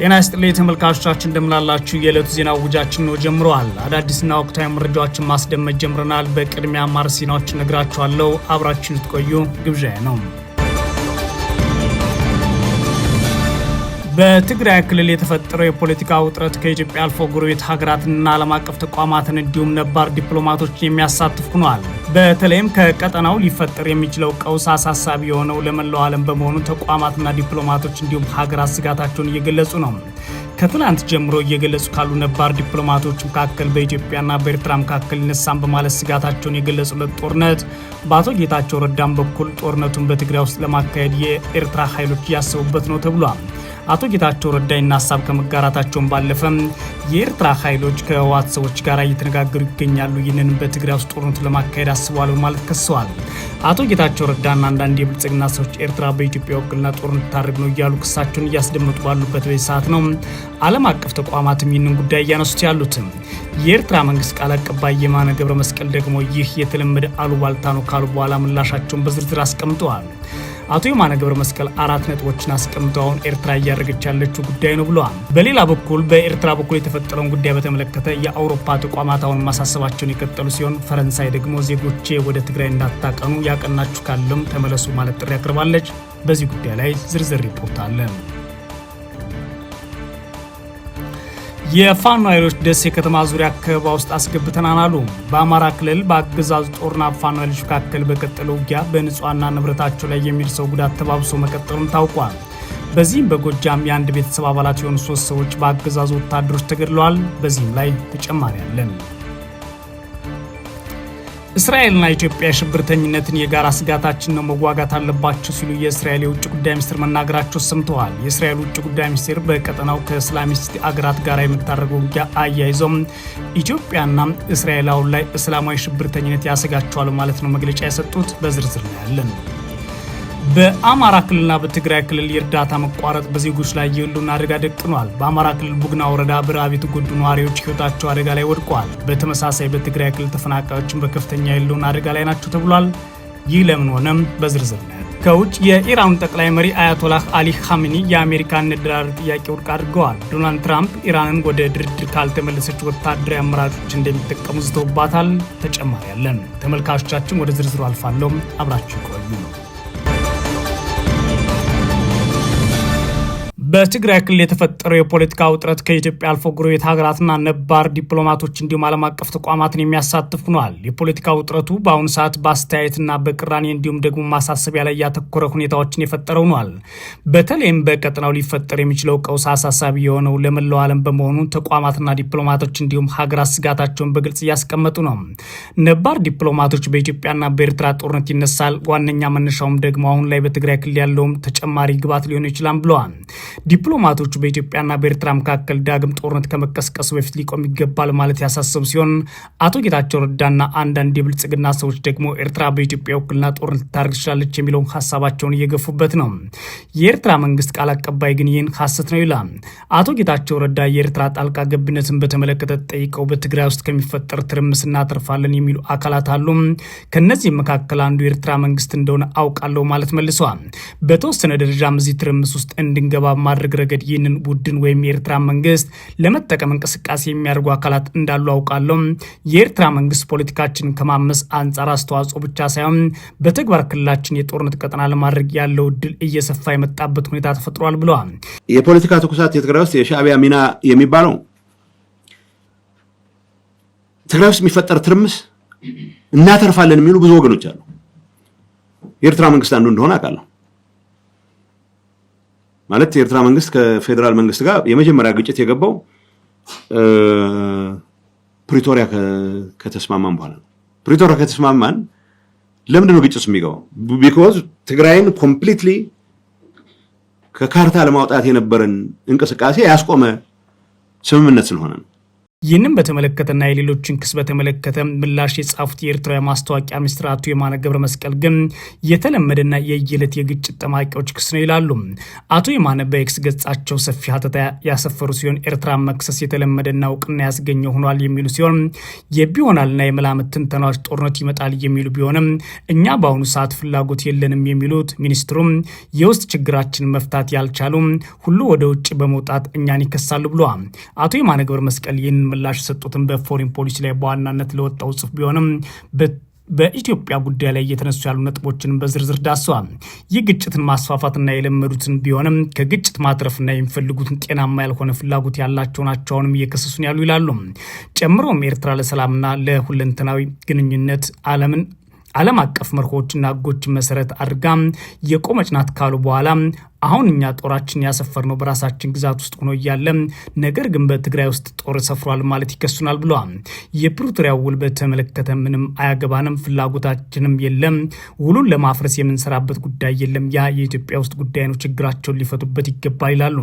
ጤና ይስጥልኝ ተመልካቾቻችን፣ እንደምናላችሁ የዕለቱ ዜና ውጃችን ነው ጀምረዋል። አዳዲስና ወቅታዊ መረጃዎችን ማስደመጥ ጀምረናል። በቅድሚያ አማር ዜናዎችን ነግራችኋለሁ። አብራችን ስትቆዩ ግብዣ ነው። በትግራይ ክልል የተፈጠረው የፖለቲካ ውጥረት ከኢትዮጵያ አልፎ ጎረቤት ሀገራትንና ዓለም አቀፍ ተቋማትን እንዲሁም ነባር ዲፕሎማቶችን የሚያሳትፍ ሆኗል። በተለይም ከቀጠናው ሊፈጠር የሚችለው ቀውስ አሳሳቢ የሆነው ለመላው ዓለም በመሆኑ ተቋማትና ዲፕሎማቶች እንዲሁም ሀገራት ስጋታቸውን እየገለጹ ነው። ከትናንት ጀምሮ እየገለጹ ካሉ ነባር ዲፕሎማቶች መካከል በኢትዮጵያና በኤርትራ መካከል ይነሳን በማለት ስጋታቸውን የገለጹለት ጦርነት በአቶ ጌታቸው ረዳም በኩል ጦርነቱን በትግራይ ውስጥ ለማካሄድ የኤርትራ ኃይሎች እያሰቡበት ነው ተብሏል። አቶ ጌታቸው ረዳ ሀሳብ ከመጋራታቸውን ባለፈ የኤርትራ ኃይሎች ከህወሓት ሰዎች ጋር እየተነጋገሩ ይገኛሉ። ይህንን በትግራይ ውስጥ ጦርነቱ ለማካሄድ አስበዋል በማለት ከሰዋል። አቶ ጌታቸው ረዳና አንዳንድ የብልጽግና ሰዎች ኤርትራ በኢትዮጵያ ውክልና ጦርነት ታደርግ ነው እያሉ ክሳቸውን እያስደመጡ ባሉበት በዚህ ሰዓት ነው ዓለም አቀፍ ተቋማትም ይህንን ጉዳይ እያነሱት ያሉትም። የኤርትራ መንግስት ቃል አቀባይ የማነ ገብረ መስቀል ደግሞ ይህ የተለመደ አሉባልታ ነው ካሉ በኋላ ምላሻቸውን በዝርዝር አስቀምጠዋል። አቶ የማነ ገብረ መስቀል አራት ነጥቦችን አስቀምጠው አሁን ኤርትራ እያደረገች ያለችው ጉዳይ ነው ብለዋል። በሌላ በኩል በኤርትራ በኩል የተፈጠረውን ጉዳይ በተመለከተ የአውሮፓ ተቋማት አሁን ማሳሰባቸውን የቀጠሉ ሲሆን ፈረንሳይ ደግሞ ዜጎቼ ወደ ትግራይ እንዳታቀኑ ያቀናችሁ ካለም ተመለሱ ማለት ጥሪ አቅርባለች። በዚህ ጉዳይ ላይ ዝርዝር ሪፖርት አለን። የፋኖ ኃይሎች ደሴ ከተማ ዙሪያ ከበባ ውስጥ አስገብተናል አሉ። በአማራ ክልል በአገዛዙ ጦርና ፋኖ ኃይሎች መካከል በቀጠለ ውጊያ በንጹሐና ንብረታቸው ላይ የሚደርሰው ጉዳት ተባብሶ መቀጠሉም ታውቋል። በዚህም በጎጃም የአንድ ቤተሰብ አባላት የሆኑ ሶስት ሰዎች በአገዛዙ ወታደሮች ተገድለዋል። በዚህም ላይ ተጨማሪ አለን። እስራኤልና ኢትዮጵያ የሽብርተኝነትን የጋራ ስጋታችን ነው መዋጋት አለባቸው ሲሉ የእስራኤል የውጭ ጉዳይ ሚኒስትር መናገራቸው ሰምተዋል። የእስራኤል ውጭ ጉዳይ ሚኒስቴር በቀጠናው ከእስላሚስት አገራት ጋር የምታደርገው ውጊያ አያይዞም ኢትዮጵያና እስራኤል አሁን ላይ እስላማዊ ሽብርተኝነት ያሰጋቸዋል ማለት ነው መግለጫ የሰጡት። በዝርዝር ነው ያለን። በአማራ ክልልና በትግራይ ክልል የእርዳታ መቋረጥ በዜጎች ላይ የህልውና አደጋ ደቅኗል። በአማራ ክልል ቡግና ወረዳ በረሃብ የተጎዱ ነዋሪዎች ህይወታቸው አደጋ ላይ ወድቋል። በተመሳሳይ በትግራይ ክልል ተፈናቃዮችን በከፍተኛ የህልውና አደጋ ላይ ናቸው ተብሏል። ይህ ለምን ሆነም በዝርዝር ነው። ከውጭ የኢራኑ ጠቅላይ መሪ አያቶላህ አሊ ኻሜኒ የአሜሪካን ንድራር ጥያቄ ውድቅ አድርገዋል። ዶናልድ ትራምፕ ኢራንን ወደ ድርድር ካልተመለሰች ወታደራዊ አመራሮች እንደሚጠቀሙ ዝተውባታል። ተጨማሪ ያለን ተመልካቾቻችን ወደ ዝርዝሩ አልፋለሁም። አብራችሁ ቆዩ ነው በትግራይ ክልል የተፈጠረው የፖለቲካ ውጥረት ከኢትዮጵያ አልፎ ጎረቤት ሀገራትና ነባር ዲፕሎማቶች እንዲሁም ዓለም አቀፍ ተቋማትን የሚያሳትፍ ሆኗል። የፖለቲካ ውጥረቱ በአሁኑ ሰዓት በአስተያየትና በቅራኔ እንዲሁም ደግሞ ማሳሰቢያ ላይ ያተኮረ ሁኔታዎችን የፈጠረው ሆኗል። በተለይም በቀጠናው ሊፈጠር የሚችለው ቀውስ አሳሳቢ የሆነው ለመላው ዓለም በመሆኑ ተቋማትና ዲፕሎማቶች እንዲሁም ሀገራት ስጋታቸውን በግልጽ እያስቀመጡ ነው። ነባር ዲፕሎማቶች በኢትዮጵያና በኤርትራ ጦርነት ይነሳል፣ ዋነኛ መነሻውም ደግሞ አሁን ላይ በትግራይ ክልል ያለውም ተጨማሪ ግባት ሊሆን ይችላል ብለዋል። ዲፕሎማቶቹ በኢትዮጵያና በኤርትራ መካከል ዳግም ጦርነት ከመቀስቀሱ በፊት ሊቆም ይገባል ማለት ያሳሰቡ ሲሆን አቶ ጌታቸው ረዳና አንዳንድ የብልጽግና ሰዎች ደግሞ ኤርትራ በኢትዮጵያ ውክልና ጦርነት ልታደርግ ትችላለች የሚለውን ሀሳባቸውን እየገፉበት ነው። የኤርትራ መንግስት ቃል አቀባይ ግን ይህን ሀሰት ነው ይላል። አቶ ጌታቸው ረዳ የኤርትራ ጣልቃ ገብነትን በተመለከተ ጠይቀው በትግራይ ውስጥ ከሚፈጠር ትርምስ እናተርፋለን የሚሉ አካላት አሉ። ከነዚህም መካከል አንዱ የኤርትራ መንግስት እንደሆነ አውቃለሁ ማለት መልሰዋል። በተወሰነ ደረጃም እዚህ ትርምስ ውስጥ እንድንገባ በማድረግ ረገድ ይህንን ቡድን ወይም የኤርትራ መንግስት ለመጠቀም እንቅስቃሴ የሚያደርጉ አካላት እንዳሉ አውቃለሁ። የኤርትራ መንግስት ፖለቲካችን ከማመስ አንጻር አስተዋጽኦ ብቻ ሳይሆን በተግባር ክልላችን የጦርነት ቀጠና ለማድረግ ያለው እድል እየሰፋ የመጣበት ሁኔታ ተፈጥሯል ብለዋል። የፖለቲካ ትኩሳት የትግራይ ውስጥ የሻዕቢያ ሚና የሚባለው ትግራይ ውስጥ የሚፈጠር ትርምስ እናተርፋለን የሚሉ ብዙ ወገኖች አሉ። የኤርትራ መንግስት አንዱ እንደሆነ አውቃለሁ። ማለት የኤርትራ መንግስት ከፌዴራል መንግስት ጋር የመጀመሪያ ግጭት የገባው ፕሪቶሪያ ከተስማማን በኋላ ነው። ፕሪቶሪያ ከተስማማን ለምንድን ነው ግጭት የሚገባው? ቢኮዝ ትግራይን ኮምፕሊትሊ ከካርታ ለማውጣት የነበረን እንቅስቃሴ ያስቆመ ስምምነት ስለሆነ ነው። ይህንም በተመለከተና የሌሎችን ክስ በተመለከተ ምላሽ የጻፉት የኤርትራ ማስታወቂያ ሚኒስትር አቶ የማነ ገብረ መስቀል ግን የተለመደና የየዕለት የግጭት ጠማቂዎች ክስ ነው ይላሉ። አቶ የማነ በኤክስ ገጻቸው ሰፊ ሀተታ ያሰፈሩ ሲሆን ኤርትራ መክሰስ የተለመደና እውቅና ያስገኘው ሆኗል የሚሉ ሲሆን የቢሆናልና የመላምት ትንተናዎች ጦርነት ይመጣል የሚሉ ቢሆንም እኛ በአሁኑ ሰዓት ፍላጎት የለንም የሚሉት ሚኒስትሩም የውስጥ ችግራችን መፍታት ያልቻሉ ሁሉ ወደ ውጭ በመውጣት እኛን ይከሳሉ ብለዋል። አቶ የማነ ገብረ መስቀል ይህን ምላሽ የሰጡትን በፎሪን ፖሊሲ ላይ በዋናነት ለወጣው ጽሑፍ ቢሆንም በኢትዮጵያ ጉዳይ ላይ እየተነሱ ያሉ ነጥቦችን በዝርዝር ዳሰዋል። ይህ ግጭትን ማስፋፋትና የለመዱትን ቢሆንም ከግጭት ማትረፍና የሚፈልጉትን ጤናማ ያልሆነ ፍላጎት ያላቸው ናቸው አሁንም እየከሰሱን ያሉ ይላሉ። ጨምሮም ኤርትራ ለሰላምና ለሁለንተናዊ ግንኙነት አለምን ዓለም አቀፍ መርሆችና ሕጎችን መሰረት አድርጋ የቆመች ናት ካሉ በኋላ አሁን እኛ ጦራችን ያሰፈርነው በራሳችን ግዛት ውስጥ ሆኖ እያለ ነገር ግን በትግራይ ውስጥ ጦር ሰፍሯል ማለት ይከሱናል ብለዋል። የፕሪቶሪያው ውል በተመለከተ ምንም አያገባንም፣ ፍላጎታችንም የለም፣ ውሉን ለማፍረስ የምንሰራበት ጉዳይ የለም። ያ የኢትዮጵያ ውስጥ ጉዳይ ነው፣ ችግራቸውን ሊፈቱበት ይገባል ይላሉ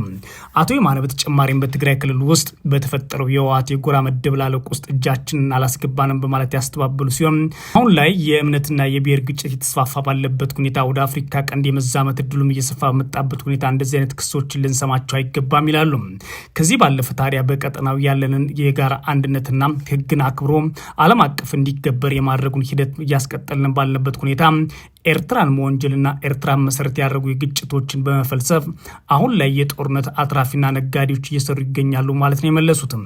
አቶ የማነ። በተጨማሪም በትግራይ ክልል ውስጥ በተፈጠረው የህወሓት የጎራ ላለቅ ውስጥ እጃችንን አላስገባንም በማለት ያስተባበሉ ሲሆን አሁን ላይ የእምነትና የብሔር ግጭት የተስፋፋ ባለበት ሁኔታ ወደ አፍሪካ ቀንድ የመዛመት እድሉም እየሰፋ መጣ በተሞላበት ሁኔታ እንደዚህ አይነት ክሶችን ልንሰማቸው አይገባም ይላሉ። ከዚህ ባለፈ ታዲያ በቀጠናው ያለንን የጋራ አንድነትና ህግን አክብሮ ዓለም አቀፍ እንዲገበር የማድረጉን ሂደት እያስቀጠልን ባለበት ሁኔታ ኤርትራን መወንጀልና ኤርትራን መሰረት ያደረጉ የግጭቶችን በመፈልሰፍ አሁን ላይ የጦርነት አትራፊና ነጋዴዎች እየሰሩ ይገኛሉ ማለት ነው የመለሱትም።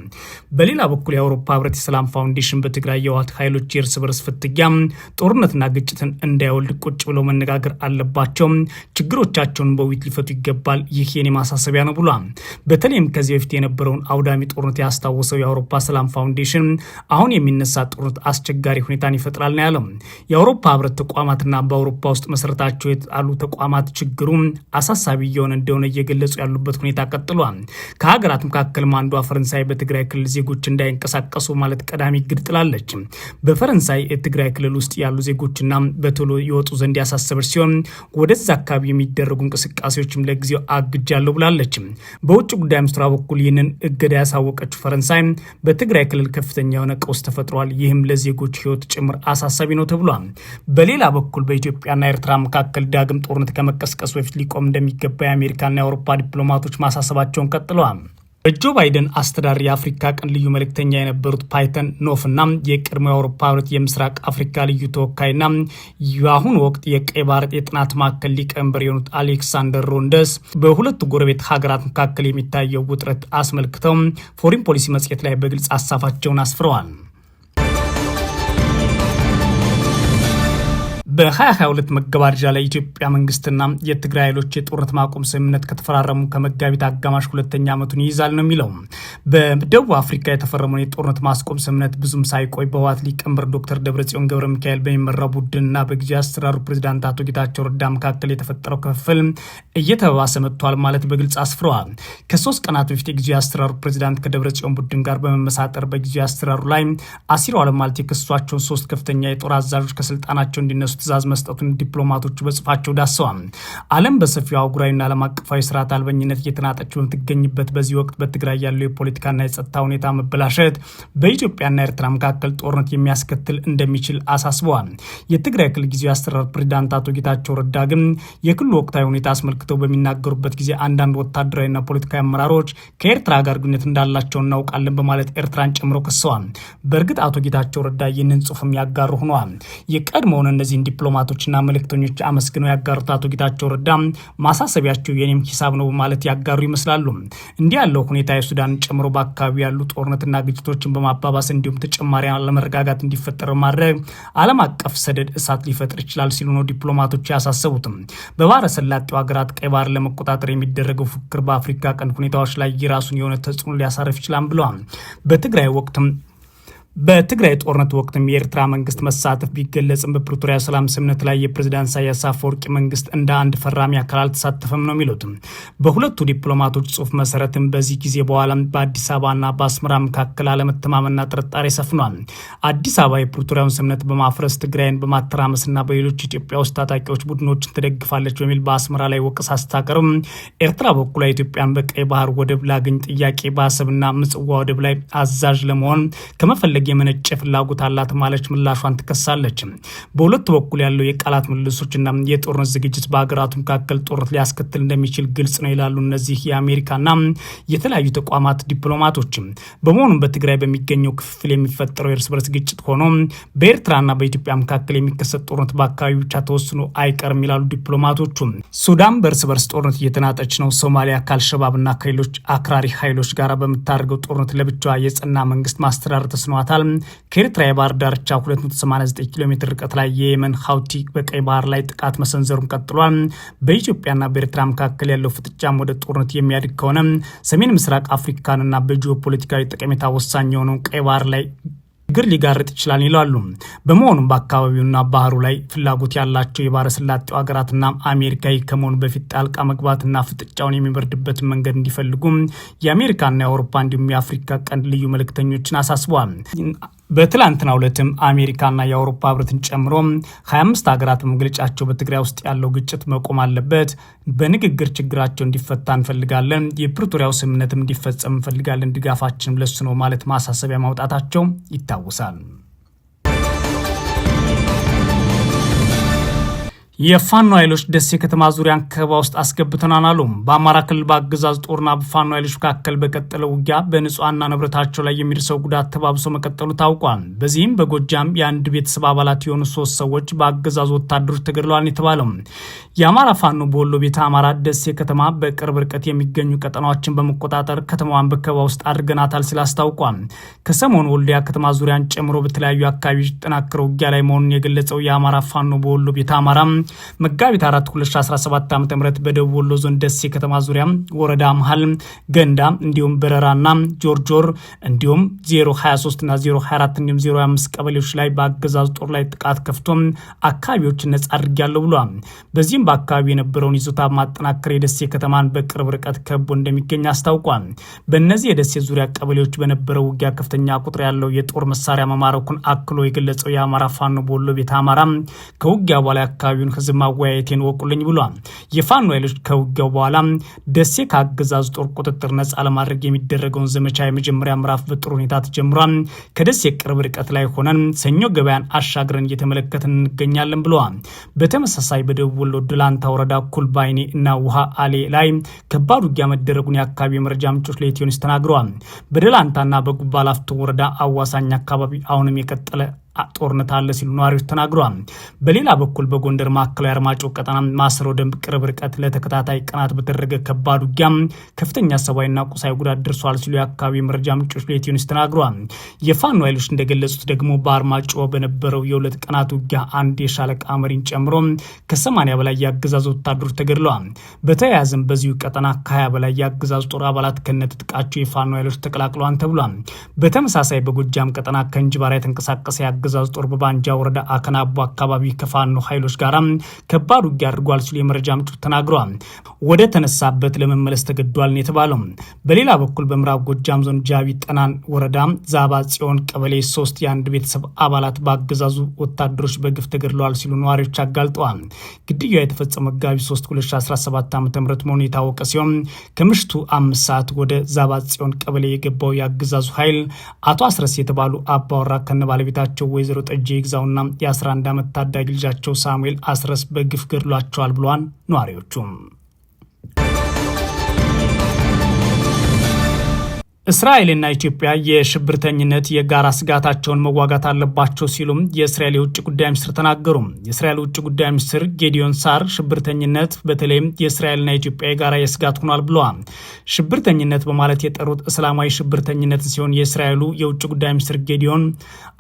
በሌላ በኩል የአውሮፓ ህብረት የሰላም ፋውንዴሽን በትግራይ የህወሓት ኃይሎች የእርስ በርስ ፍትጊያ ጦርነትና ግጭትን እንዳይወልድ ቁጭ ብለው መነጋገር አለባቸው፣ ችግሮቻቸውን በውይይት ሊፈቱ ይገባል፣ ይህ የኔ ማሳሰቢያ ነው ብሏል። በተለይም ከዚህ በፊት የነበረውን አውዳሚ ጦርነት ያስታወሰው የአውሮፓ ሰላም ፋውንዴሽን አሁን የሚነሳ ጦርነት አስቸጋሪ ሁኔታን ይፈጥራል ነው ያለው። የአውሮፓ ህብረት ተቋማትና በአውሮ አውሮፓ ውስጥ መሰረታቸው የተጣሉ ተቋማት ችግሩ አሳሳቢ እየሆነ እንደሆነ እየገለጹ ያሉበት ሁኔታ ቀጥሏል። ከሀገራት መካከል አንዷ ፈረንሳይ በትግራይ ክልል ዜጎች እንዳይንቀሳቀሱ ማለት ቀዳሚ እግድ ጥላለች። በፈረንሳይ የትግራይ ክልል ውስጥ ያሉ ዜጎችና በቶሎ የወጡ ዘንድ ያሳሰበች ሲሆን ወደዛ አካባቢ የሚደረጉ እንቅስቃሴዎችም ለጊዜው አግጃለሁ ብላለች። በውጭ ጉዳይ ሚኒስትሯ በኩል ይህንን እገዳ ያሳወቀችው ፈረንሳይ በትግራይ ክልል ከፍተኛ የሆነ ቀውስ ተፈጥሯል፣ ይህም ለዜጎች ህይወት ጭምር አሳሳቢ ነው ተብሏል። በሌላ በኩል በኢትዮጵያ በኢትዮጵያና ኤርትራ መካከል ዳግም ጦርነት ከመቀስቀሱ በፊት ሊቆም እንደሚገባ የአሜሪካና የአውሮፓ ዲፕሎማቶች ማሳሰባቸውን ቀጥለዋል። በጆ ባይደን አስተዳደር የአፍሪካ ቀን ልዩ መልእክተኛ የነበሩት ፓይተን ኖፍ እና የቀድሞ የአውሮፓ ህብረት የምስራቅ አፍሪካ ልዩ ተወካይና የአሁኑ ወቅት የቀይ ባህር የጥናት ማዕከል ሊቀመንበር የሆኑት አሌክሳንደር ሮንደስ በሁለቱ ጎረቤት ሀገራት መካከል የሚታየው ውጥረት አስመልክተው ፎሪን ፖሊሲ መጽሔት ላይ በግልጽ ሀሳባቸውን አስፍረዋል። በ2022 መገባደጃ ላይ ኢትዮጵያ መንግስትና የትግራይ ኃይሎች የጦርነት ማቆም ስምምነት ከተፈራረሙ ከመጋቢት አጋማሽ ሁለተኛ ዓመቱን ይይዛል ነው የሚለው። በደቡብ አፍሪካ የተፈረመውን የጦርነት ማስቆም ስምምነት ብዙም ሳይቆይ በህወሓት ሊቀመንበር ዶክተር ደብረጽዮን ገብረ ሚካኤል በሚመራው ቡድንና በጊዜ አስተዳደሩ ፕሬዚዳንት አቶ ጌታቸው ረዳ መካከል የተፈጠረው ክፍፍል እየተባባሰ መጥቷል ማለት በግልጽ አስፍረዋል። ከሶስት ቀናት በፊት የጊዜ አስተዳደሩ ፕሬዚዳንት ከደብረጽዮን ቡድን ጋር በመመሳጠር በጊዜ አስተዳደሩ ላይ አሲረዋል ማለት የክሷቸውን ሶስት ከፍተኛ የጦር አዛዦች ከስልጣናቸው እንዲነሱ ትእዛዝ መስጠቱን ዲፕሎማቶቹ በጽፋቸው ዳሰዋል። ዓለም በሰፊው አህጉራዊና ዓለም አቀፋዊ ስርዓት አልበኝነት እየተናጠች በምትገኝበት በዚህ ወቅት በትግራይ ያለው የፖለቲካና የጸጥታ ሁኔታ መበላሸት በኢትዮጵያና ኤርትራ መካከል ጦርነት የሚያስከትል እንደሚችል አሳስበዋል። የትግራይ ክልል ጊዜያዊ አስተዳደር ፕሬዚዳንት አቶ ጌታቸው ረዳ ግን የክልሉ ወቅታዊ ሁኔታ አስመልክተው በሚናገሩበት ጊዜ አንዳንድ ወታደራዊና ፖለቲካዊ አመራሮች ከኤርትራ ጋር ግንኙነት እንዳላቸው እናውቃለን በማለት ኤርትራን ጨምሮ ከሰዋል። በእርግጥ አቶ ጌታቸው ረዳ ይህንን ጽሁፍም ያጋሩ ሆነዋል። የቀድሞውን እነዚህን ዲፕሎማቶችና መልእክተኞች አመስግነው ያጋሩት አቶ ጌታቸው ረዳ ማሳሰቢያቸው የኔም ሂሳብ ነው በማለት ያጋሩ ይመስላሉ። እንዲህ ያለው ሁኔታ የሱዳን ጨምሮ በአካባቢ ያሉ ጦርነትና ግጭቶችን በማባባስ እንዲሁም ተጨማሪ አለመረጋጋት እንዲፈጠር ማድረግ ዓለም አቀፍ ሰደድ እሳት ሊፈጥር ይችላል ሲሉ ነው ዲፕሎማቶች ያሳሰቡትም። በባህረ ሰላጤው ሀገራት ቀይ ባህር ለመቆጣጠር የሚደረገው ፉክክር በአፍሪካ ቀንድ ሁኔታዎች ላይ የራሱን የሆነ ተጽዕኖ ሊያሳርፍ ይችላል ብለዋል። በትግራይ ወቅትም በትግራይ ጦርነት ወቅትም የኤርትራ መንግስት መሳተፍ ቢገለጽም በፕሪቶሪያ ሰላም ስምምነት ላይ የፕሬዚዳንት ኢሳያስ አፈወርቂ መንግስት እንደ አንድ ፈራሚ አካል አልተሳተፈም ነው የሚሉትም። በሁለቱ ዲፕሎማቶች ጽሁፍ መሰረትም በዚህ ጊዜ በኋላም በአዲስ አበባና በአስመራ መካከል አለመተማመንና ጥርጣሬ ሰፍኗል። አዲስ አበባ የፕሪቶሪያውን ስምምነት በማፍረስ ትግራይን በማተራመስና በሌሎች ኢትዮጵያ ውስጥ ታጣቂዎች ቡድኖችን ትደግፋለች በሚል በአስመራ ላይ ወቀሳ ስታቀርብም፣ ኤርትራ በኩል ኢትዮጵያን በቀይ ባህር ወደብ ላግኝ ጥያቄ በአሰብና ምጽዋ ወደብ ላይ አዛዥ ለመሆን ከመፈለግ ለማድረግ የመነጨ ፍላጎት አላት ማለች ምላሿን ትከሳለች። በሁለቱ በኩል ያለው የቃላት ምልሶችና የጦርነት ዝግጅት በሀገራቱ መካከል ጦርነት ሊያስከትል እንደሚችል ግልጽ ነው ይላሉ እነዚህ የአሜሪካና የተለያዩ ተቋማት ዲፕሎማቶች። በመሆኑም በትግራይ በሚገኘው ክፍፍል የሚፈጠረው የእርስ በርስ ግጭት ሆኖ በኤርትራና በኢትዮጵያ መካከል የሚከሰት ጦርነት በአካባቢ ብቻ ተወስኖ አይቀርም ይላሉ ዲፕሎማቶቹ። ሱዳን በእርስ በርስ ጦርነት እየተናጠች ነው። ሶማሊያ ከአልሸባብና ከሌሎች አክራሪ ኃይሎች ጋር በምታደርገው ጦርነት ለብቻዋ የጸና መንግስት ማስተዳደር ተስኗታል። ይገኙበታል። ከኤርትራ የባህር ዳርቻ 289 ኪሎ ሜትር ርቀት ላይ የየመን ሀውቲ በቀይ ባህር ላይ ጥቃት መሰንዘሩን ቀጥሏል። በኢትዮጵያና በኤርትራ መካከል ያለው ፍጥጫም ወደ ጦርነት የሚያድግ ከሆነ ሰሜን ምስራቅ አፍሪካንና በጂኦፖለቲካዊ ጠቀሜታ ወሳኝ የሆነው ቀይ ባህር ላይ ችግር ሊጋርጥ ይችላል ይላሉ። በመሆኑም በአካባቢውና ባህሩ ላይ ፍላጎት ያላቸው የባረስላጤው ሀገራትና አሜሪካዊ ከመሆኑ በፊት ጣልቃ መግባትና ፍጥጫውን የሚበርድበትን መንገድ እንዲፈልጉ የአሜሪካና የአውሮፓ እንዲሁም የአፍሪካ ቀንድ ልዩ መልእክተኞችን አሳስቧል። በትላንትና ሁለትም አሜሪካና የአውሮፓ ህብረትን ጨምሮ 25 ሀገራት በመግለጫቸው በትግራይ ውስጥ ያለው ግጭት መቆም አለበት፣ በንግግር ችግራቸው እንዲፈታ እንፈልጋለን፣ የፕሪቶሪያው ስምምነትም እንዲፈጸም እንፈልጋለን፣ ድጋፋችን ለሱ ነው ማለት ማሳሰቢያ ማውጣታቸው ይታወሳል። የፋኖ ኃይሎች ደሴ ከተማ ዙሪያን ከበባ ውስጥ አስገብተናል አሉ። በአማራ ክልል በአገዛዝ ጦርና በፋኖ ኃይሎች መካከል በቀጠለ ውጊያ በንጹሐና ንብረታቸው ላይ የሚደርሰው ጉዳት ተባብሶ መቀጠሉ ታውቋል። በዚህም በጎጃም የአንድ ቤተሰብ አባላት የሆኑ ሶስት ሰዎች በአገዛዙ ወታደሮች ተገድለዋል የተባለው የአማራ ፋኖ በወሎ ቤተ አማራ ደሴ ከተማ በቅርብ ርቀት የሚገኙ ቀጠናዎችን በመቆጣጠር ከተማዋን በከበባ ውስጥ አድርገናታል ሲል አስታውቋል። ከሰሞኑ ወልዲያ ከተማ ዙሪያን ጨምሮ በተለያዩ አካባቢዎች ጠናክረው ውጊያ ላይ መሆኑን የገለጸው የአማራ ፋኖ በወሎ ቤተ አማራ መጋቢት 4 2017 ዓ ም በደቡብ ወሎ ዞን ደሴ ከተማ ዙሪያ ወረዳ መሀል ገንዳ እንዲሁም በረራና ጆርጆር እንዲሁም 023 ና 024 እንዲሁም 05 ቀበሌዎች ላይ በአገዛዙ ጦር ላይ ጥቃት ከፍቶ አካባቢዎች ነጻ አድርጊያለሁ ብሏል። በዚህም በአካባቢ የነበረውን ይዞታ ማጠናከር የደሴ ከተማን በቅርብ ርቀት ከቦ እንደሚገኝ አስታውቋል። በእነዚህ የደሴ ዙሪያ ቀበሌዎች በነበረው ውጊያ ከፍተኛ ቁጥር ያለው የጦር መሳሪያ መማረኩን አክሎ የገለጸው የአማራ ፋኖ በወሎ ቤት አማራ ከውጊያ በኋላ አካባቢውን ህዝብ ማወያየቴን ወቁልኝ ብሏል። የፋኖ ኃይሎች ከውጊያው በኋላ ደሴ ከአገዛዙ ጦር ቁጥጥር ነጻ ለማድረግ የሚደረገውን ዘመቻ የመጀመሪያ ምዕራፍ በጥሩ ሁኔታ ተጀምሯል። ከደሴ ቅርብ ርቀት ላይ ሆነን ሰኞ ገበያን አሻግረን እየተመለከትን እንገኛለን ብለዋል። በተመሳሳይ በደቡብ ወሎ ድላንታ ወረዳ ኩልባይኔ እና ውሃ አሌ ላይ ከባድ ውጊያ መደረጉን የአካባቢ የመረጃ ምንጮች ለኢትዮኒስ ተናግረዋል። በደላንታና በጉባ ላፍቶ ወረዳ አዋሳኝ አካባቢ አሁንም የቀጠለ ጦርነት አለ ሲሉ ነዋሪዎች ተናግረዋል። በሌላ በኩል በጎንደር ማዕከላዊ አርማጮ ቀጠና ማሰሮ ደንብ ቅርብ ርቀት ለተከታታይ ቀናት በተደረገ ከባድ ውጊያ ከፍተኛ ሰብአዊና ቁሳዊ ጉዳት ደርሷል ሲሉ የአካባቢ መረጃ ምንጮች ለኢትዮ ተናግረዋል። የፋኖ ኃይሎች እንደገለጹት ደግሞ በአርማጮ በነበረው የሁለት ቀናት ውጊያ አንድ የሻለቃ መሪን ጨምሮ ከሰማንያ በላይ የአገዛዙ ወታደሮች ተገድለዋል። በተያያዘም በዚሁ ቀጠና ከሀያ በላይ የአገዛዙ ጦር አባላት ከነትጥቃቸው የፋኖ ኃይሎች ተቀላቅለዋል ተብሏል። በተመሳሳይ በጎጃም ቀጠና ከእንጅባራ የተንቀሳቀሰ አገዛዝ ጦር በባንጃ ወረዳ አከናቦ አካባቢ ከፋኖ ኃይሎች ጋር ከባድ ውጊያ አድርጓል ሲሉ የመረጃ ምንጮች ተናግረዋል። ወደ ተነሳበት ለመመለስ ተገዷል ነው የተባለው። በሌላ በኩል በምዕራብ ጎጃም ዞን ጃቢ ጠናን ወረዳ ዛባ ጽዮን ቀበሌ ሶስት የአንድ ቤተሰብ አባላት በአገዛዙ ወታደሮች በግፍ ተገድለዋል ሲሉ ነዋሪዎች አጋልጠዋል። ግድያው የተፈጸመው መጋቢት 3 2017 ዓ ም መሆኑ የታወቀ ሲሆን ከምሽቱ አምስት ሰዓት ወደ ዛባ ጽዮን ቀበሌ የገባው የአገዛዙ ኃይል አቶ አስረስ የተባሉ አባወራ ከነ ባለቤታቸው ወይዘሮ ጠጄ ይግዛውና የ11 ዓመት ታዳጊ ልጃቸው ሳሙኤል አስረስ በግፍ ገድሏቸዋል ብሏል ነዋሪዎቹም እስራኤልና ኢትዮጵያ የሽብርተኝነት የጋራ ስጋታቸውን መዋጋት አለባቸው ሲሉም የእስራኤል የውጭ ጉዳይ ሚኒስትር ተናገሩ። የእስራኤል ውጭ ጉዳይ ሚኒስትር ጌዲዮን ሳር ሽብርተኝነት በተለይም የእስራኤልና ኢትዮጵያ የጋራ የስጋት ሆኗል ብለዋል። ሽብርተኝነት በማለት የጠሩት እስላማዊ ሽብርተኝነት ሲሆን የእስራኤሉ የውጭ ጉዳይ ሚኒስትር ጌዲዮን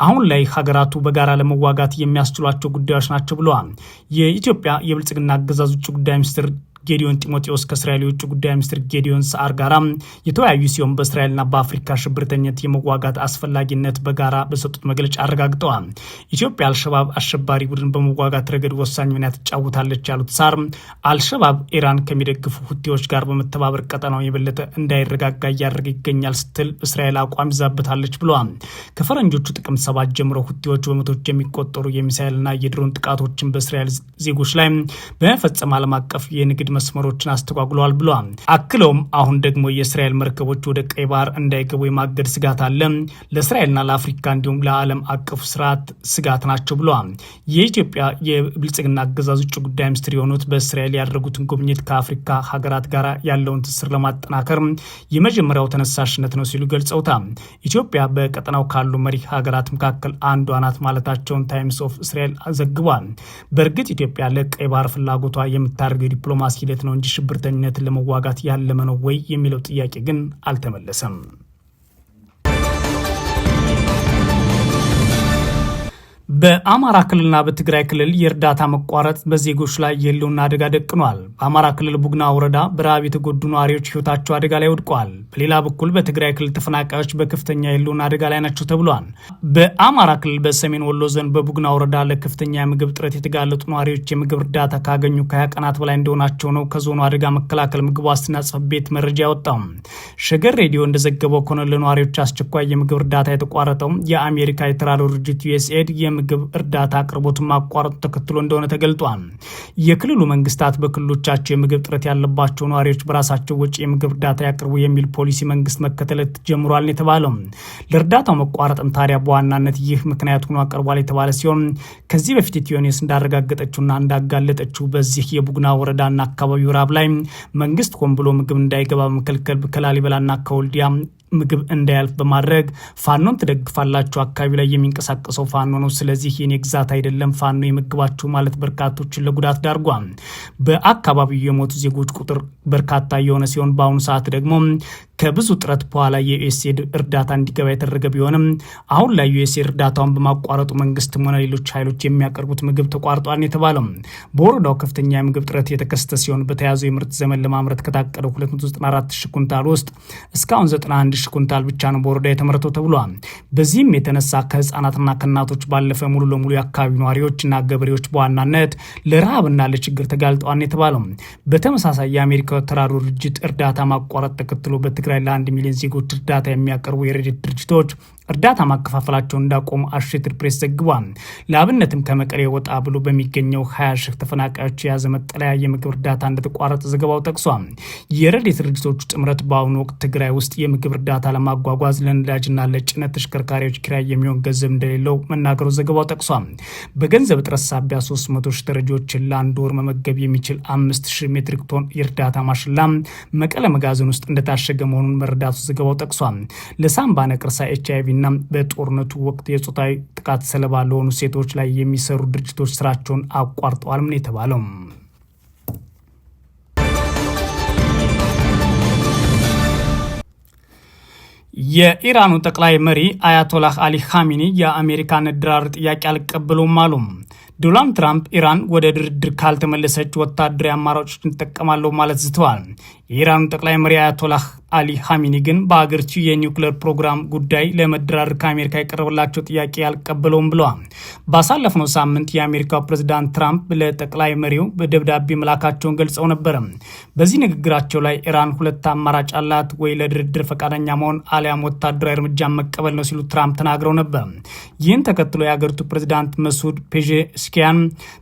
አሁን ላይ ሀገራቱ በጋራ ለመዋጋት የሚያስችሏቸው ጉዳዮች ናቸው ብለዋል። የኢትዮጵያ የብልጽግና አገዛዝ ውጭ ጉዳይ ሚኒስትር ጌዲዮን ጢሞቴዎስ ከእስራኤል የውጭ ጉዳይ ሚኒስትር ጌዲዮን ሰአር ጋራ የተወያዩ ሲሆን በእስራኤልና በአፍሪካ ሽብርተኝነት የመዋጋት አስፈላጊነት በጋራ በሰጡት መግለጫ አረጋግጠዋል። ኢትዮጵያ አልሸባብ አሸባሪ ቡድን በመዋጋት ረገድ ወሳኝ ሚና ትጫወታለች ያሉት ሳር አልሸባብ ኢራን ከሚደግፉ ሁቴዎች ጋር በመተባበር ቀጠናው የበለጠ እንዳይረጋጋ እያደረገ ይገኛል ስትል እስራኤል አቋም ይዛበታለች ብለዋል። ከፈረንጆቹ ጥቅምት ሰባት ጀምሮ ሁቴዎቹ በመቶች የሚቆጠሩ የሚሳይልና የድሮን ጥቃቶችን በእስራኤል ዜጎች ላይ በመፈጸም ዓለም አቀፍ የንግድ መስመሮችን አስተጓጉለዋል ብሏል። አክለውም አሁን ደግሞ የእስራኤል መርከቦች ወደ ቀይ ባህር እንዳይገቡ የማገድ ስጋት አለ፣ ለእስራኤልና ለአፍሪካ እንዲሁም ለዓለም አቀፉ ስርዓት ስጋት ናቸው ብለዋል። የኢትዮጵያ የብልጽግና አገዛዝ ውጭ ጉዳይ ሚኒስትር የሆኑት በእስራኤል ያደረጉትን ጉብኝት ከአፍሪካ ሀገራት ጋር ያለውን ትስር ለማጠናከር የመጀመሪያው ተነሳሽነት ነው ሲሉ ገልጸውታል። ኢትዮጵያ በቀጠናው ካሉ መሪ ሀገራት መካከል አንዷ ናት ማለታቸውን ታይምስ ኦፍ እስራኤል ዘግቧል። በእርግጥ ኢትዮጵያ ለቀይ ባህር ፍላጎቷ የምታደርገው ዲፕሎማሲ ሂደት ነው እንጂ ሽብርተኝነትን ለመዋጋት ያለመ ነው ወይ የሚለው ጥያቄ ግን አልተመለሰም። በአማራ ክልልና በትግራይ ክልል የእርዳታ መቋረጥ በዜጎች ላይ የህልውና አደጋ ደቅኗል። በአማራ ክልል ቡግና ወረዳ በረሃብ የተጎዱ ነዋሪዎች ህይወታቸው አደጋ ላይ ወድቋል። በሌላ በኩል በትግራይ ክልል ተፈናቃዮች በከፍተኛ የህልውና አደጋ ላይ ናቸው ተብሏል። በአማራ ክልል በሰሜን ወሎ ዞን በቡግና ወረዳ ለከፍተኛ የምግብ እጥረት የተጋለጡ ነዋሪዎች የምግብ እርዳታ ካገኙ ከሀያ ቀናት በላይ እንደሆናቸው ነው ከዞኑ አደጋ መከላከል ምግብ ዋስትና ጽሕፈት ቤት መረጃ ያወጣው። ሸገር ሬዲዮ እንደዘገበው ከሆነ ለነዋሪዎች አስቸኳይ የምግብ እርዳታ የተቋረጠው የአሜሪካ የተራድኦ ድርጅት ዩኤስኤድ የምግብ እርዳታ አቅርቦት ማቋረጡ ተከትሎ እንደሆነ ተገልጧል። የክልሉ መንግስታት በክልሎቻቸው የምግብ ጥረት ያለባቸው ነዋሪዎች በራሳቸው ወጪ የምግብ እርዳታ ያቅርቡ የሚል ፖሊሲ መንግስት መከተል ጀምሯል የተባለው ለእርዳታው መቋረጥም ታዲያ በዋናነት ይህ ምክንያት ሆኖ አቅርቧል የተባለ ሲሆን ከዚህ በፊት ኢትዮኒስ እንዳረጋገጠችውና እንዳጋለጠችው በዚህ የቡግና ወረዳና አካባቢው ራብ ላይ መንግስት ሆን ብሎ ምግብ እንዳይገባ በመከልከል ከላሊበላና ከወልዲያ ምግብ እንዳያልፍ በማድረግ ፋኖን ትደግፋላችሁ፣ አካባቢ ላይ የሚንቀሳቀሰው ፋኖ ነው፣ ስለዚህ የኔ ግዛት አይደለም ፋኖ የመግባችሁ ማለት በርካቶችን ለጉዳት ዳርጓል። በአካባቢው የሞቱ ዜጎች ቁጥር በርካታ የሆነ ሲሆን በአሁኑ ሰዓት ደግሞ ከብዙ ጥረት በኋላ የዩኤስኤድ እርዳታ እንዲገባ የተደረገ ቢሆንም አሁን ላይ ዩኤስኤድ እርዳታውን በማቋረጡ መንግስትም ሆነ ሌሎች ኃይሎች የሚያቀርቡት ምግብ ተቋርጧል የተባለው በወረዳው ከፍተኛ የምግብ ጥረት የተከሰተ ሲሆን በተያዘው የምርት ዘመን ለማምረት ከታቀደው 294 ሺ ኩንታል ውስጥ እስካሁን 91 ሺ ኩንታል ብቻ ነው በወረዳ የተመረተው ተብሏል። በዚህም የተነሳ ከህፃናትና ከእናቶች ባለፈ ሙሉ ለሙሉ የአካባቢ ነዋሪዎችና ገበሬዎች በዋናነት ለረሃብና ለችግር ተጋልጠዋል የተባለው በተመሳሳይ የአሜሪካ ተራድኦ ድርጅት እርዳታ ማቋረጥ ተከትሎ በትግራይ ለትግራይ ለአንድ ሚሊዮን ዜጎች እርዳታ የሚያቀርቡ የረድኤት ድርጅቶች እርዳታ ማከፋፈላቸውን እንዳቆሙ አሶሼትድ ፕሬስ ዘግቧል። ለአብነትም ከመቀሌ ወጣ ብሎ በሚገኘው ሀያ ሺህ ተፈናቃዮች የያዘ መጠለያ የምግብ እርዳታ እንደተቋረጠ ዘገባው ጠቅሷል። የረድኤት ድርጅቶቹ ጥምረት በአሁኑ ወቅት ትግራይ ውስጥ የምግብ እርዳታ ለማጓጓዝ ለነዳጅና ለጭነት ተሽከርካሪዎች ኪራይ የሚሆን ገንዘብ እንደሌለው መናገሩ ዘገባው ጠቅሷል። በገንዘብ እጥረት ሳቢያ 300 ሺህ ለአንድ ወር መመገብ የሚችል 5000 ሜትሪክ ቶን የእርዳታ ማሽላ መቀለ መጋዘን ውስጥ እንደታሸገ መሆኑን መረዳቱ ዘገባው ጠቅሷል። ለሳምባ ነቅርሳ ኤች አይቪ እና በጦርነቱ ወቅት የጾታዊ ጥቃት ሰለባ ለሆኑ ሴቶች ላይ የሚሰሩ ድርጅቶች ስራቸውን አቋርጠዋል ምን የተባለው። የኢራኑ ጠቅላይ መሪ አያቶላህ አሊ ኻሚኒ የአሜሪካን እድራር ጥያቄ አልቀበሉም አሉ። ዶናልድ ትራምፕ ኢራን ወደ ድርድር ካልተመለሰች ወታደራዊ አማራጮች እንጠቀማለሁ ማለት ዝተዋል። የኢራኑ ጠቅላይ መሪ አያቶላህ አሊ ሐሚኒ ግን በሀገሪቱ የኒውክሌር ፕሮግራም ጉዳይ ለመደራደር ከአሜሪካ የቀረበላቸው ጥያቄ ያልቀበለውም ብለዋል። ባሳለፍነው ሳምንት የአሜሪካው ፕሬዚዳንት ትራምፕ ለጠቅላይ መሪው በደብዳቤ መላካቸውን ገልጸው ነበር። በዚህ ንግግራቸው ላይ ኢራን ሁለት አማራጭ አላት፣ ወይ ለድርድር ፈቃደኛ መሆን አሊያም ወታደራዊ እርምጃ መቀበል ነው ሲሉ ትራምፕ ተናግረው ነበር። ይህን ተከትሎ የአገሪቱ ፕሬዚዳንት መሱድ ፔዜሽኪያን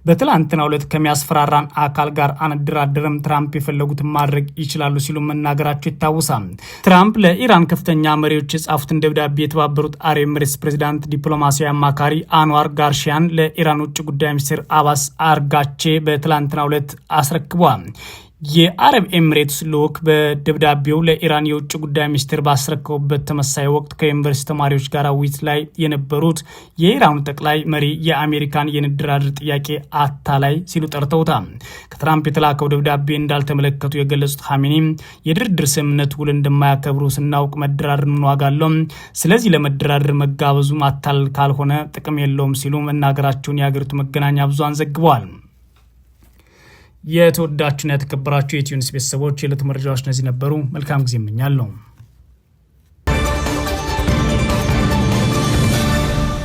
በትላንትናው ዕለት ከሚያስፈራራን አካል ጋር አንደራደርም፣ ትራምፕ የፈለጉትን ማድረግ ይችላል ይችላሉ ሲሉ መናገራቸው ይታወሳል። ትራምፕ ለኢራን ከፍተኛ መሪዎች የጻፉትን ደብዳቤ የተባበሩት አረብ ኤምሬትስ ፕሬዚዳንት ዲፕሎማሲያዊ አማካሪ አንዋር ጋርሺያን ለኢራን ውጭ ጉዳይ ሚኒስትር አባስ አርጋቼ በትላንትናው ዕለት አስረክቧል። የአረብ ኤምሬትስ ልዑክ በደብዳቤው ለኢራን የውጭ ጉዳይ ሚኒስቴር ባስረከቡበት ተመሳሳይ ወቅት ከዩኒቨርስቲ ተማሪዎች ጋር ውይይት ላይ የነበሩት የኢራኑ ጠቅላይ መሪ የአሜሪካን የንድራድር ጥያቄ አታላይ ሲሉ ጠርተውታል። ከትራምፕ የተላከው ደብዳቤ እንዳልተመለከቱ የገለጹት ሀሚኒ የድርድር ስምምነት ውል እንደማያከብሩ ስናውቅ መደራደር ምን ዋጋ አለው? ስለዚህ ለመደራደር መጋበዙ ማታለል ካልሆነ ጥቅም የለውም ሲሉ መናገራቸውን የሀገሪቱ መገናኛ ብዙሃን ዘግበዋል። የተወዳችሁና የተከበራችሁ የኢትዮ ኒውስ ቤተሰቦች የዕለቱ መረጃዎች እነዚህ ነበሩ። መልካም ጊዜ እመኛለሁ።